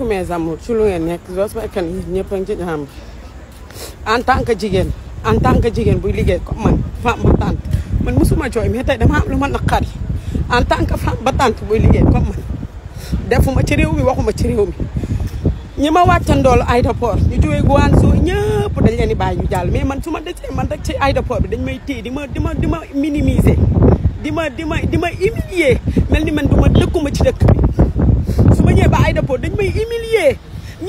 beaucoup mes amours ci lu ngeen nekk Zoss Mbaye yéen ñëpp a ngi ci en tant que jigéen en tant que jigéen buy liggéey comme man femme battante man suma jooy mais tey dama am lu ma naqari en tant que femme battante buy liggéey comme man defuma ci réew mi waxuma ci réew mi. ñi ma wàccandoolu aéroport ñu jógee Guangzhou ñëpp dañ leen di bàyyi ñu jàll mais man su ma desee man rek ci aéroport bi dañ may téye di ma di ma di ma di ma di mel ni man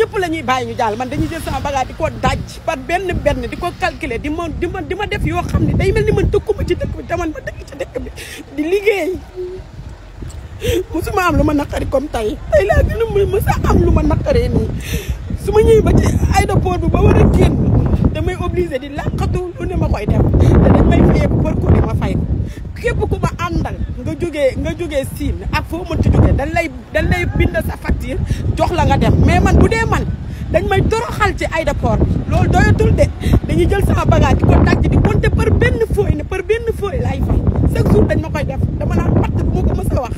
ñëpp la ñuy bàyyi ñu jàll man dañuy jël sama bagage di ko daj par benn benn di ko calculer di ma di ma def yoo xam ne day mel ni man ma ci dëkk bi te man ma dëkk ci dëkk bi di liggéey musuma am lu ma naqari comme tey tey laa gën a musa am lu ma naqaree nii su ma ñëwee ba ci aéroport bi ba war a génn damay obligé di làqatu lu ne ma koy def te dañ may fayee pour jógee siin ak foo mënti jógee dañ lay dañ lay bind sa facture jox la nga def mais man bu dee man dañ may toroxal ci aéroport bi loolu doyatul de dañuy jël sama bagage di ko daj di compter par benn fooy ne par benn fooy lay fay chaque jour dañ ma koy def dama naan patt bu ma ko mës a wax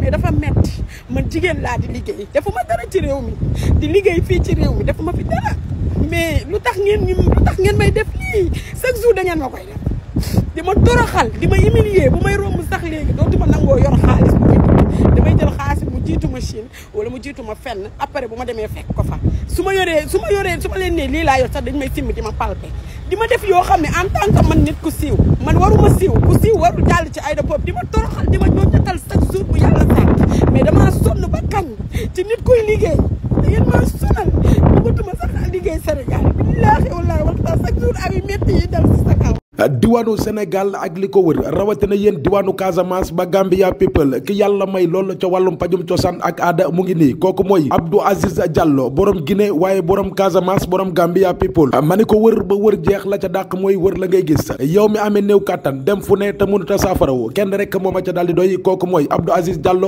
mais dafa metti man jigéen laa di liggéey defu ma dara ci réew mi di liggéey fii ci réew mi defu fi dara mais lu ngeen lu tax ngeen may def lii chaque jour da ngeen ma def di toroxal di humilier ma Chine wala mu jiitu ma fenn après bu ma demee fekk ko fa su ma yoree su ma yoree su ma leen ne lii laa yor sax dañ may simmi di ma palpe di ma def yoo xam ne en tant man nit ku siiw man waruma siiw ku siiw waru jàll ci Aïda Pop di ma toroxal di ma ñooñatal chaque jour bu yàlla sàkk mais damaa sonn ba kañ ci nit kuy liggéey yéen maa sonal bëggatuma sax liggéey Sénégal billaahi wallaahi waxtaan chaque jour ay métti yi dal diwaanu Sénégal ak li ko wër na yéen diwaanu Casamance ba Gambia people ki yàlla may lool ca wàllum pajum cosaan ak aada mu ngi nii kooku mooy Abdou Aziz Diallo borom Guinée waaye borom Casamance borom Gambia people ma ni ko wër ba wër jeex la ca dàq mooy wër la ngay gis yow mi amee néew kàttan dem fu ne te mënut a saafarawu kenn rek moo ma ca daal di doy kooku mooy Abdou Aziz Diallo.